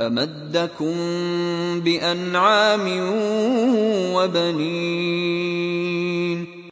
امدكم بانعام وبنين